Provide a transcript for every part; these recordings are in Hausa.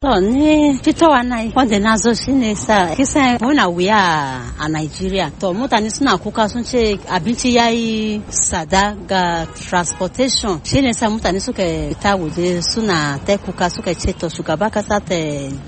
To ne fitowa na wanda na zo shi ne sa kisan muna wuya a Nigeria. To mutane suna kuka sun ce abinci yayi sada ga transportation. Shi ne sa mutane suka ta waje suna ta kuka suka ce to shugaba kasa ta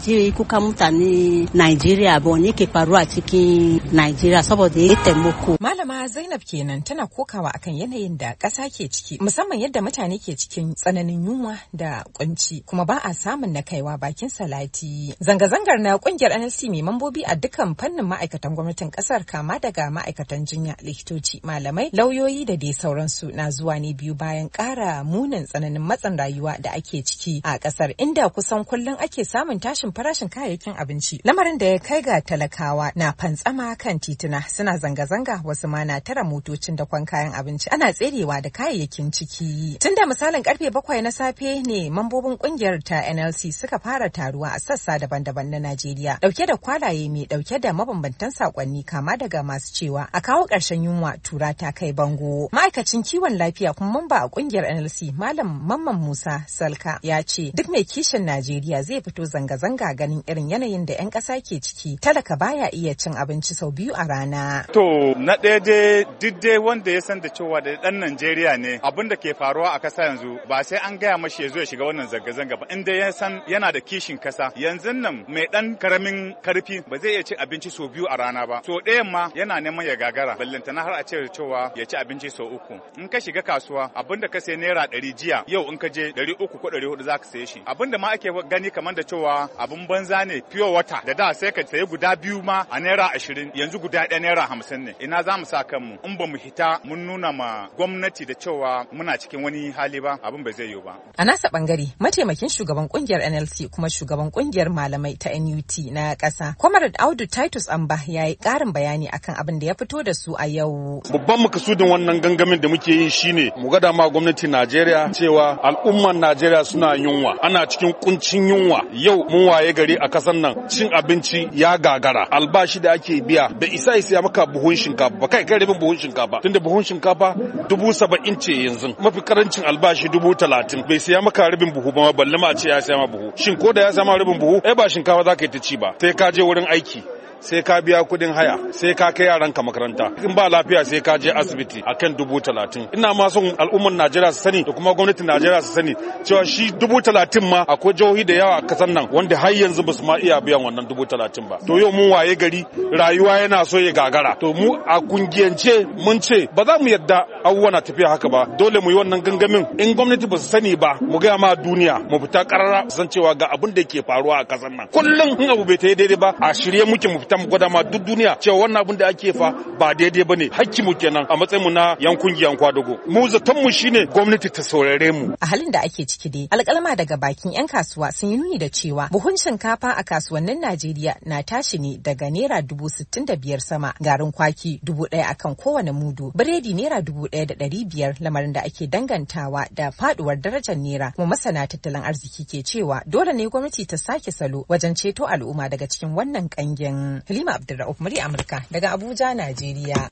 ji kuka mutane Nigeria ba ne ke faru a cikin Nigeria saboda ya taimako. Malama Zainab kenan tana kokawa akan yanayin da ƙasa ke ciki musamman yadda mutane ke cikin tsananin yunwa da kunci kuma ba a samun na kaiwa baki. bikin salati. Zanga-zangar na kungiyar NLC mai mambobi a dukkan fannin ma'aikatan gwamnatin kasar kama daga ma'aikatan jinya, likitoci, malamai, lauyoyi da dai sauransu na zuwa ne biyu bayan kara munin tsananin matsin rayuwa da ake ciki a kasar inda kusan kullum ake samun tashin farashin kayayyakin abinci. Lamarin da ya kai ga talakawa na fantsama kan tituna suna zanga-zanga wasu ma na tara motocin da kwan kayan abinci ana tserewa da kayayyakin ciki. Tunda misalin karfe bakwai na safe ne mambobin kungiyar ta NLC suka fara taruwa a sassa daban-daban na Najeriya dauke da kwalaye mai dauke da mabambantan sakonni kama daga masu cewa a kawo karshen yunwa tura ta kai bango. Ma'aikacin kiwon lafiya kuma mamba a kungiyar NLC Malam Mamman Musa Salka ya ce duk mai kishin Najeriya zai fito zanga-zanga ganin irin yanayin da 'yan ƙasa ke ciki talaka baya iya cin abinci sau biyu a rana. To na ɗaya dai duk dai wanda ya san da cewa da ɗan Najeriya ne abin da ke faruwa a ƙasa yanzu ba sai an gaya mashi ya zo ya shiga wannan zanga-zanga ba in dai ya san yana da kishin kishin kasa yanzu nan mai dan karamin karfi ba zai iya ci abinci sau biyu a rana ba so ɗayan ma yana neman ya gagara ballantana har a ce cewa ya ci abinci sau uku in ka shiga kasuwa abinda ka sai naira ɗari jiya yau in ka je ɗari uku ko ɗari hudu za ka saye shi abinda ma ake gani kamar da cewa abin banza ne pure wata da da sai ka sayi guda biyu ma a naira ashirin yanzu guda ɗaya naira hamsin ne ina za mu sa kanmu in ba mu hita mun nuna ma gwamnati da cewa muna cikin wani hali ba abin ba zai yiwu ba. A nasa bangare mataimakin shugaban kungiyar NLC kuma shugaban kungiyar malamai ta NUT na ƙasa. Comrade Audu Titus Amba ya yi ƙarin bayani akan abin da ya fito da su a yau. Babban makasudin wannan gangamin da muke yin shine mu ga dama gwamnati Najeriya cewa al'umman Najeriya suna yunwa. Ana cikin kuncin yunwa. Yau mun waye gari a ƙasar nan cin abinci ya gagara. Albashi da ake biya da isa ya maka buhun shinkafa ba kai kai rabin buhun shinkafa tunda buhun shinkafa dubu saba'in ce yanzu mafi karancin albashi dubu talatin bai siya maka rabin buhu ba balle ma ce ya siya ma buhu. Shin ko da ya sama rubin buhu ai ba shinkafa zaka yi ta ci ba sai ka je wurin aiki sai ka biya kudin haya sai ka kai yaranka makaranta in ba lafiya sai ka je asibiti akan dubu talatin ina ma son al'ummar najeriya su sani da kuma gwamnatin najeriya su sani cewa shi dubu talatin ma akwai jihohi da yawa a kasar nan wanda har yanzu ba ma iya biyan wannan dubu talatin ba to yau mun waye gari rayuwa yana so ya gagara to mu a kungiyance mun ce ba za mu yadda abubuwa na tafiya haka ba dole mu yi wannan gangamin in gwamnati ba su sani ba mu gaya ma duniya mu fita karara san cewa ga abin da ke faruwa a kasar nan kullum in abu bai ta daidai ba a shirye muke mu ta mu gwada ma duk duniya cewa wannan abin da ake fa ba daidai bane hakki mu kenan a matsayin mu na yan kungiyar kwadago mu zaton mu shine gwamnati ta saurare mu a halin da ake ciki dai alƙalma daga bakin yan kasuwa sun yi nuni da cewa buhun shinkafa a kasuwannin Najeriya na tashi ne daga naira dubu sittin da biyar sama garin kwaki dubu ɗaya akan kowane mudu biredi naira dubu ɗaya da ɗari biyar lamarin da ake dangantawa da faduwar darajar naira kuma masana tattalin arziki ke cewa dole ne gwamnati ta sake salo wajen ceto al'umma daga cikin wannan kangen Filima Abdulra'uf murya Amurka daga Abuja, Najeriya.